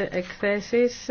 εκθέσεις